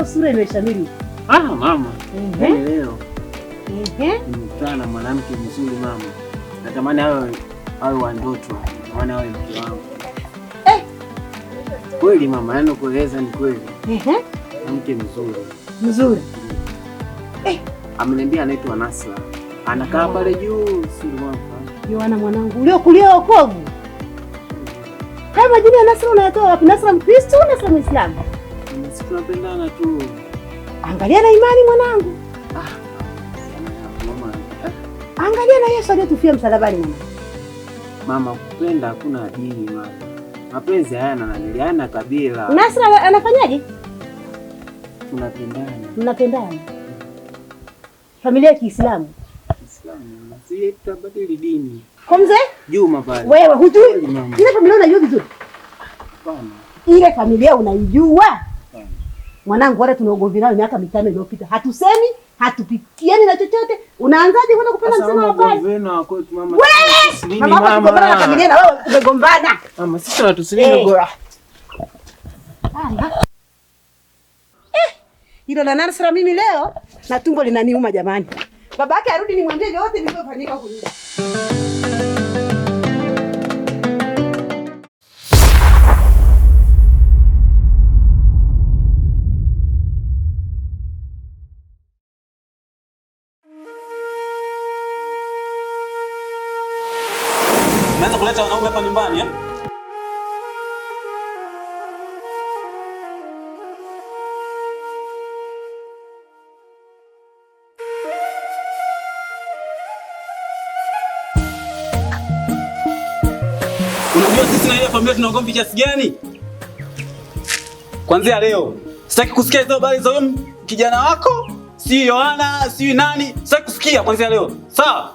leo sura imeshamiri. Ah, mama yaani leo Ehe. mtana mwanamke mzuri mama, natamani awe wa ndoto, natamani awe mke wangu Eh. kweli mama, yani kueleza ni kweli, Ehe. mke mzuri mzuri. Eh. Ameniambia anaitwa Nasra, anakaa oh. pale juu sura mama. Yohana. Mwanangu leo uliokulia wokovu, haya majina ya Nasra unayatoa wapi? Nasra Mkristo, Nasra Mwislamu? Sisi tunapendana tu. Angalia na imani mwanangu. Ah, Angalia na Yesu aliyetufia msalabani mwanangu. Mama, kupenda hakuna dini mama. Mapenzi hayana dini, hayana kabila. Nasra anafanyaje? Tunapendana. Tunapendana. Familia ya Kiislamu. Kiislamu. Sisi tutabadili dini. Kwa mzee? Juma pale. Wewe hujui? Ile familia unajua vizuri? Hapana. Ile familia unaijua? Mwanangu, wale tunaogomvi nao miaka mitano iliyopita, hatusemi hatupikieni yaani na chochote. Unaanzaje kwenda kupenda msema wa baba? Wewe umegombana. Mama, sisi hatusilini bora. Eh. eh, hilo la nani Mimi leo na tumbo linaniuma jamani. Babake arudi nimwambie yote niliyofanyika huko. Unajua sisi na ile familia tuna ugomvi kiasi gani? Kwanza leo sitaki kusikia hizo habari za huyo kijana wako, si Yohana, si nani, sitaki kusikia kwanza leo. Sawa?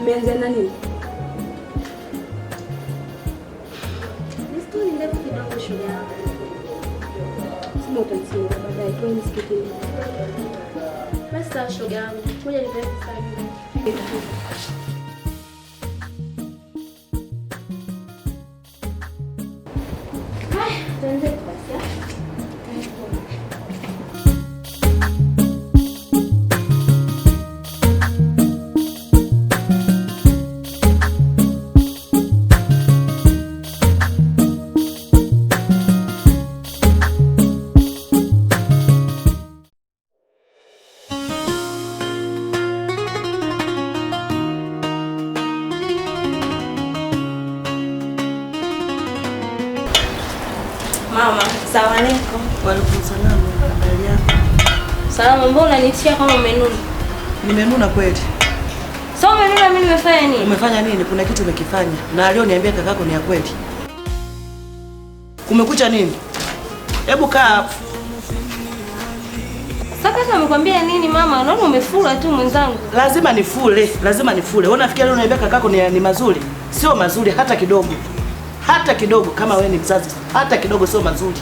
Mmeanza na nini? Basi sawa shoga yangu. Ngoja nipeleke sana. Salama, mbona unanitia kama umenuna? Nimenuna kweli. Sasa umenuna mimi nimefanya nini? Umefanya nini? Kuna kitu umekifanya. Na alioniambia kakako ni ya kweli. Kumekucha nini? Hebu kaa hapo. Sasa kaka amekwambia nini mama? Naona umefula tu mwenzangu. Lazima nifule, lazima nifule. Wewe unafikiri leo unaniambia kakako ni, ni mazuri? Sio mazuri hata kidogo. Hata kidogo kama wewe ni mzazi. Hata kidogo sio mazuri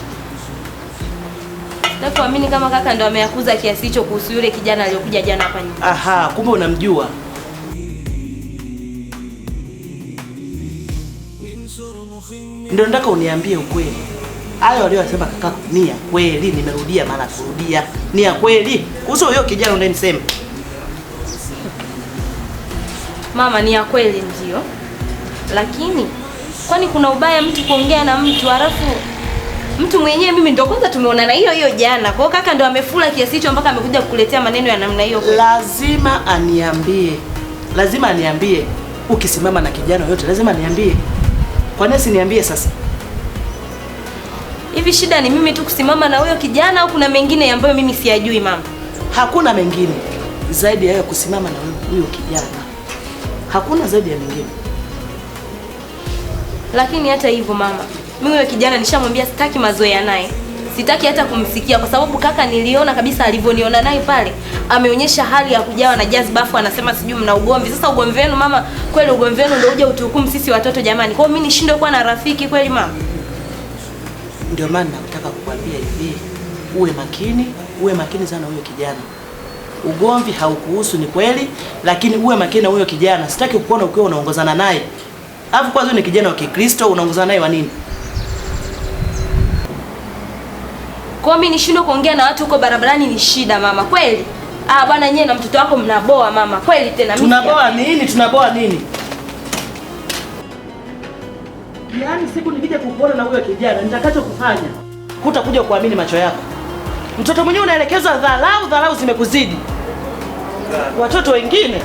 nakuamini kama kaka ndo ameyakuza kiasi hicho kuhusu yule kijana aliyokuja jana hapa nyumbani. Aha, kumbe unamjua. Ndio nataka uniambie ukweli. Hayo aliyosema kaka ni ya kweli, nimerudia mara kurudia. Ni ya kweli. Kuhusu huyo kijana unayemsema. Mama, ni ya kweli ndio. Lakini kwani kuna ubaya mtu kuongea na mtu halafu mtu mwenyewe mimi ndo kwanza tumeonana hiyo hiyo jana. Kwa hiyo kaka ndo amefula kiasi hicho mpaka amekuja kukuletea maneno ya namna hiyo. Lazima aniambie, lazima aniambie. Ukisimama na kijana yote lazima aniambie. Kwa nini siniambie sasa? Hivi shida ni mimi tu kusimama na huyo kijana au kuna mengine ambayo mimi siyajui mama? Hakuna mengine zaidi ya kusimama na huyo kijana, hakuna zaidi ya mengine. Lakini hata hivyo mama mimi yule kijana nishamwambia sitaki mazoea naye, sitaki hata kumsikia, kwa sababu kaka niliona kabisa alivyoniona naye pale, ameonyesha hali ya kujawa na jazba, afu anasema sijui mna ugomvi. Sasa ugomvi wenu mama, kweli ugomvi wenu ndio uje utuhukumu sisi watoto jamani? Kwa hiyo mimi nishindwe kuwa na rafiki kweli mama? Ndio maana nataka kukwambia hivi, uwe makini, uwe makini sana huyo kijana. Ugomvi haukuhusu ni kweli, lakini uwe makini na huyo kijana. Sitaki kukuona ukiwa unaongozana naye, alafu kwanza ni kijana wa Kikristo unaongozana naye wa nini? Kwa mimi nishindwe kuongea na watu huko barabarani ni shida mama, kweli? Ah bwana, nyewe na mtoto wako mnaboa mama, kweli tena mimi. Tunaboa nini? Tunaboa nini? Yaani siku nikija kukuona na huyo kijana nitakacho kufanya hutakuja kuamini macho yako. Mtoto mwenyewe unaelekezwa dharau, dharau zimekuzidi. Watoto wengine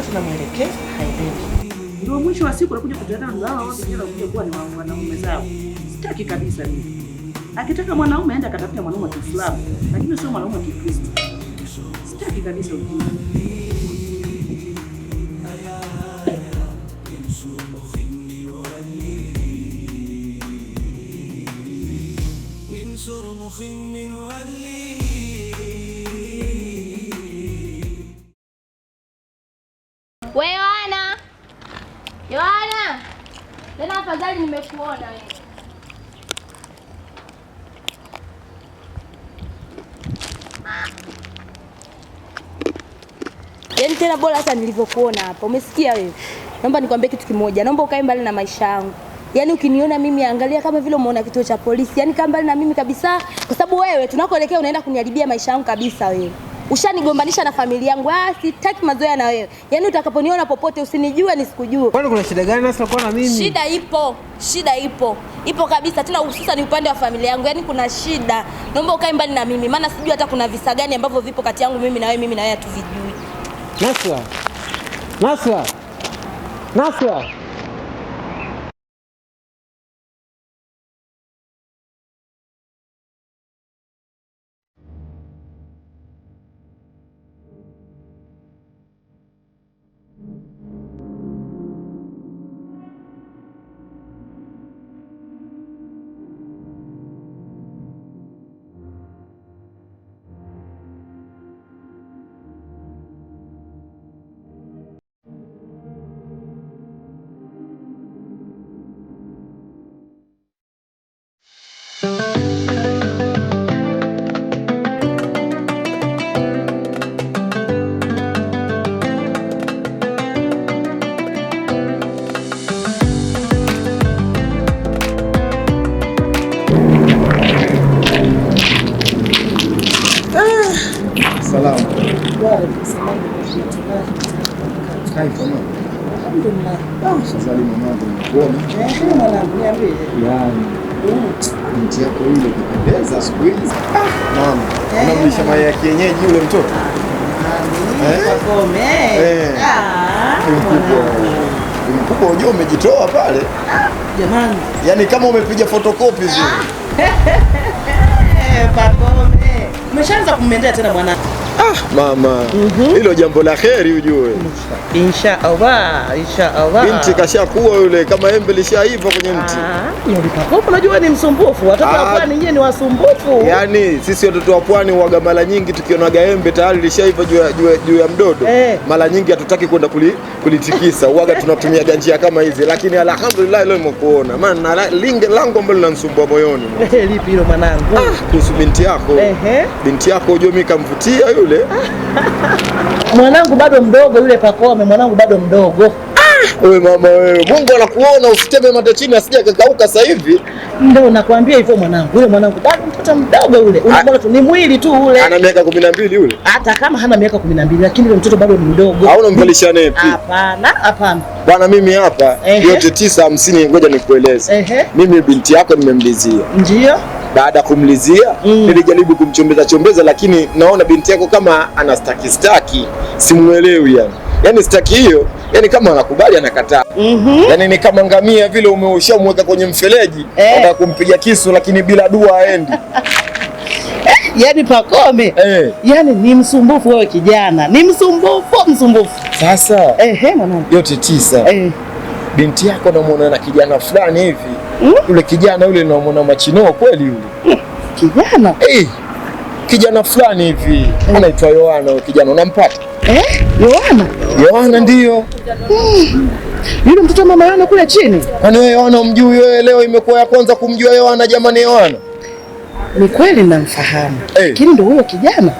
Kesho tunamwelekeza haelewi. Ndio mwisho wa siku anakuja kutana na wao wote bila kuja kuwa ni wanaume zao. Sitaki kabisa mimi. Akitaka mwanaume aende akatafuta mwanaume wa Kiislamu, lakini sio mwanaume wa Kikristo. Sitaki kabisa ujinga. خيم من ولي Bwana tena, afadhali nimekuona wewe. Yaani tena bora hata nilivyokuona hapa. Umesikia wewe? Naomba nikwambie kitu kimoja, naomba ukae mbali na maisha yangu. Yaani ukiniona mimi angalia kama vile umeona kituo cha polisi. Yaani kaa mbali na mimi kabisa, kwa sababu wewe tunakoelekea unaenda kuniharibia maisha yangu kabisa wewe ushanigombanisha na familia yangu, ah, sitaki mazoea na wewe. Yaani utakaponiona popote usinijue nisikujue. Kwani kuna shida gani sasa kwa na mimi? Shida ipo, shida ipo, ipo kabisa, tena ni upande wa familia yangu. Yaani kuna shida, naomba ukae mbali na mimi, maana sijui hata kuna visa gani ambavyo vipo kati yangu mimi na wewe, mimi na wewe hatuvijui. Nasra, Nasra, Nasra. Nchi yako ile ikipendeza siku hizi. Mama, unamlisha mayai ya kienyeji yule mtoto? Mkubwa unajua umejitoa pale. Jamani. Yaani kama umepiga photocopy zile. Ah, eh, Umeshaanza kumendea tena bwana. Ah, mama mhm. hilo mm -hmm. jambo la kheri ujue. Insha Allah, insha Allah. Binti kuwa yule kama embe lishaiva kwenye mti. Ah, unajua ni msumbufu, watoto wa ah, pwani nyinyi ni wasumbufu. Yaani sisi watoto wa pwani waga mara nyingi tukionaga embe tayari lishaiva juu ya mdodo eh. Mara nyingi hatutaki kwenda kulitikisa waga tunatumia ganjia kama hizi, lakini alhamdulillah leo nimekuona, maana lango ambalo linanisumbua moyoni. Lipi hilo mwanangu? Ah, kuhusu binti yako. Binti yako ujue mimi kamvutia yule yule mwanangu bado mdogo yule Pakome, mwanangu bado mdogo. Ah! Wewe mama wewe, Mungu anakuona usiteme mate chini asije akakauka sasa hivi. Ndio nakwambia hivyo mwanangu. Yule mwanangu bado mtoto mdogo yule. Unaona ah! tu ni mwili tu ule. Ana miaka 12 yule. Hata kama hana miaka 12 lakini yule mtoto bado ni mdogo. Hauna mvalisha nepi. Hapana, hapana. Bwana mimi hapa yote tisa hamsini ngoja nikueleze. Mimi binti yako nimemlizia. Ndio baada ya kumlizia mm. nilijaribu kumchombeza chombeza, lakini naona binti yako kama ana staki staki, simuelewi yani yani staki hiyo yani kama anakubali anakataa. mm -hmm. Yani ni kama ngamia vile umweka kwenye mfereji eh. na kumpiga kisu, lakini bila dua aendi yani pakome eh. Yani ni msumbufu wewe kijana, ni msumbufu msumbufu. Sasa hey, mwanangu, yote tisa eh. binti yako namwona na kijana fulani hivi ule hmm? Yule kijana yule namwona Machino kweli yule eh, kijana hey, eh, kijana fulani hivi mm. Eh. Anaitwa Yohana kijana, unampata eh? Yohana Yohana ndio hmm. Yule mtoto mama Yohana kule chini. Kwani wewe Yohana umjui wewe? Leo imekuwa ya kwanza kumjua Yohana. Jamani, Yohana ni kweli namfahamu, lakini hey. Ndio huyo kijana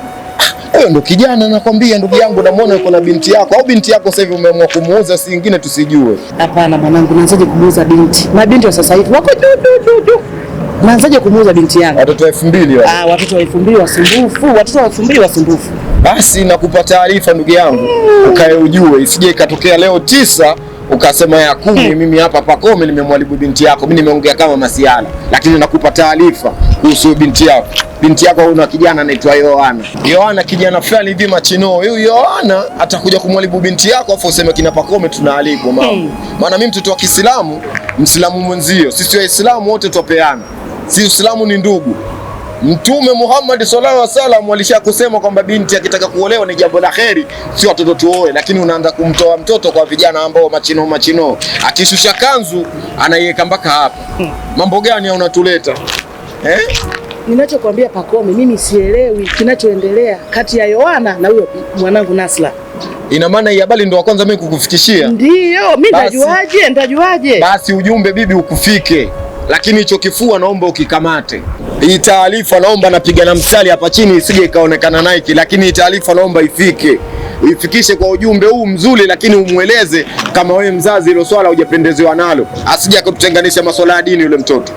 huyo eh, ndo kijana nakwambia, ndugu yangu, namwona yuko na binti yako, au binti yako sasa hivi umeamua kumuuza, si ingine tusijue. Hapana mwanangu, naanzaje kumuuza binti? Mabinti wa sasa hivi wako du du du. Naanzaje kumuuza binti yangu? Watoto elfu mbili wale. Ah, watoto elfu mbili wasumbufu, watoto elfu mbili wasumbufu. Basi nakupa taarifa ndugu yangu, mm. Ukae ujue isije ikatokea leo tisa ukasema ya kumi, mm. Mimi hapa Pakome nimemwalibu binti yako, mimi nimeongea kama masiala, lakini nakupa taarifa kuhusu binti yako. Binti yako una kijana anaitwa Yohana. Yohana kijana fulani hivi machino. Huyu Yohana atakuja kumwalibu binti yako afu useme kina Pakome tunaalibu mama. Hey. Maana mimi mtoto wa Kiislamu, Mslamu mwenzio. Sisi Waislamu wote twapeana. Si Uislamu ni ndugu. Mtume Muhammad sallallahu alaihi wasallam alisha kusema kwamba binti akitaka kuolewa ni jambo la kheri, si watoto tuoe, lakini unaanza kumtoa mtoto kwa vijana ambao machino machino, akishusha kanzu anaiweka mpaka hapa. Hmm. Mambo gani unatuleta? eh? Ninachokwambia Pakome, mimi sielewi kinachoendelea kati ya Yohana na huyo mwanangu Nasla. Ina maana hii habari ndio wa kwanza mimi kukufikishia? Ndiyo, mimi ndajuaje? Ndajuaje? Basi ujumbe bibi ukufike, lakini hicho kifua naomba ukikamate. Hii taarifa naomba napiga na mstari hapa chini isije ikaonekana Nike, lakini hii taarifa naomba ifike, ifikishe kwa ujumbe huu mzuri, lakini umweleze kama wewe mzazi hilo swala hujapendezewa nalo, asije kututenganisha masuala ya dini yule mtoto.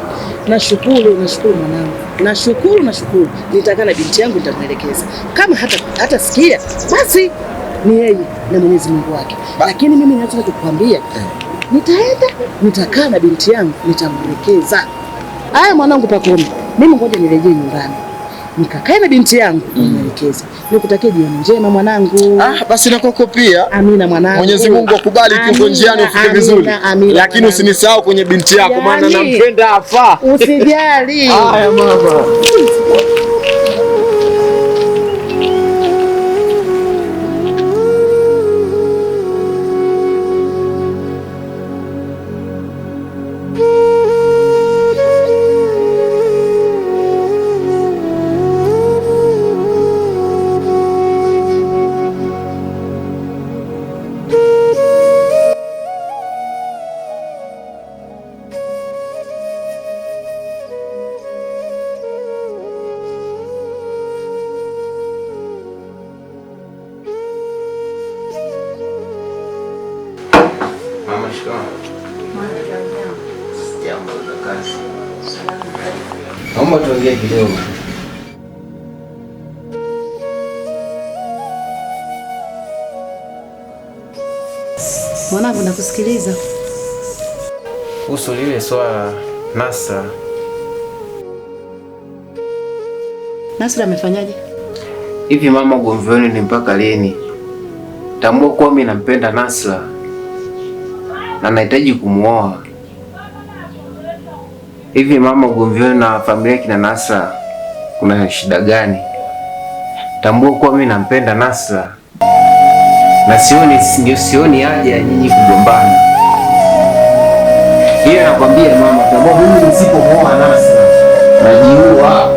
Nashukuru, nashukuru mwanangu, nashukuru, nashukuru. Nitakaa na binti yangu, nitamwelekeza kama hata hata sikia, basi ni yeye na Mwenyezi Mungu wake, lakini mimi nataka kukwambia eh. nitaenda, nitakaa na binti yangu, nitamwelekeza haya mwanangu. Pakoni mimi, ngoja nirejee nyumbani nikakae na binti yangu mm. nimwelekeze. Nikutakie jioni njema mwanangu. Ah, basi na kwako pia. Amina mwanangu. Mwenyezi Mungu akubali uko njiani ufike vizuri. Lakini usinisahau kwenye binti yako maana yaani, nampenda afa. Usijali. Haya mama. Mwanangu, nakusikiliza. Kuhusu lile swala Nasra. Nasra amefanyaje? Hivi mama, ugomvi wenu ni mpaka lini? Tambua kuwa mimi nampenda Nasra na nahitaji kumwoa. Hivi mama, ugomvi wenu na familia kina Nasra kuna shida gani? Tambua kuwa mimi nampenda Nasra na sioni ndio sioni haja ya nyinyi kugombana. Hiyo nakwambia mama, kama mimi nisipooa nasi najiua.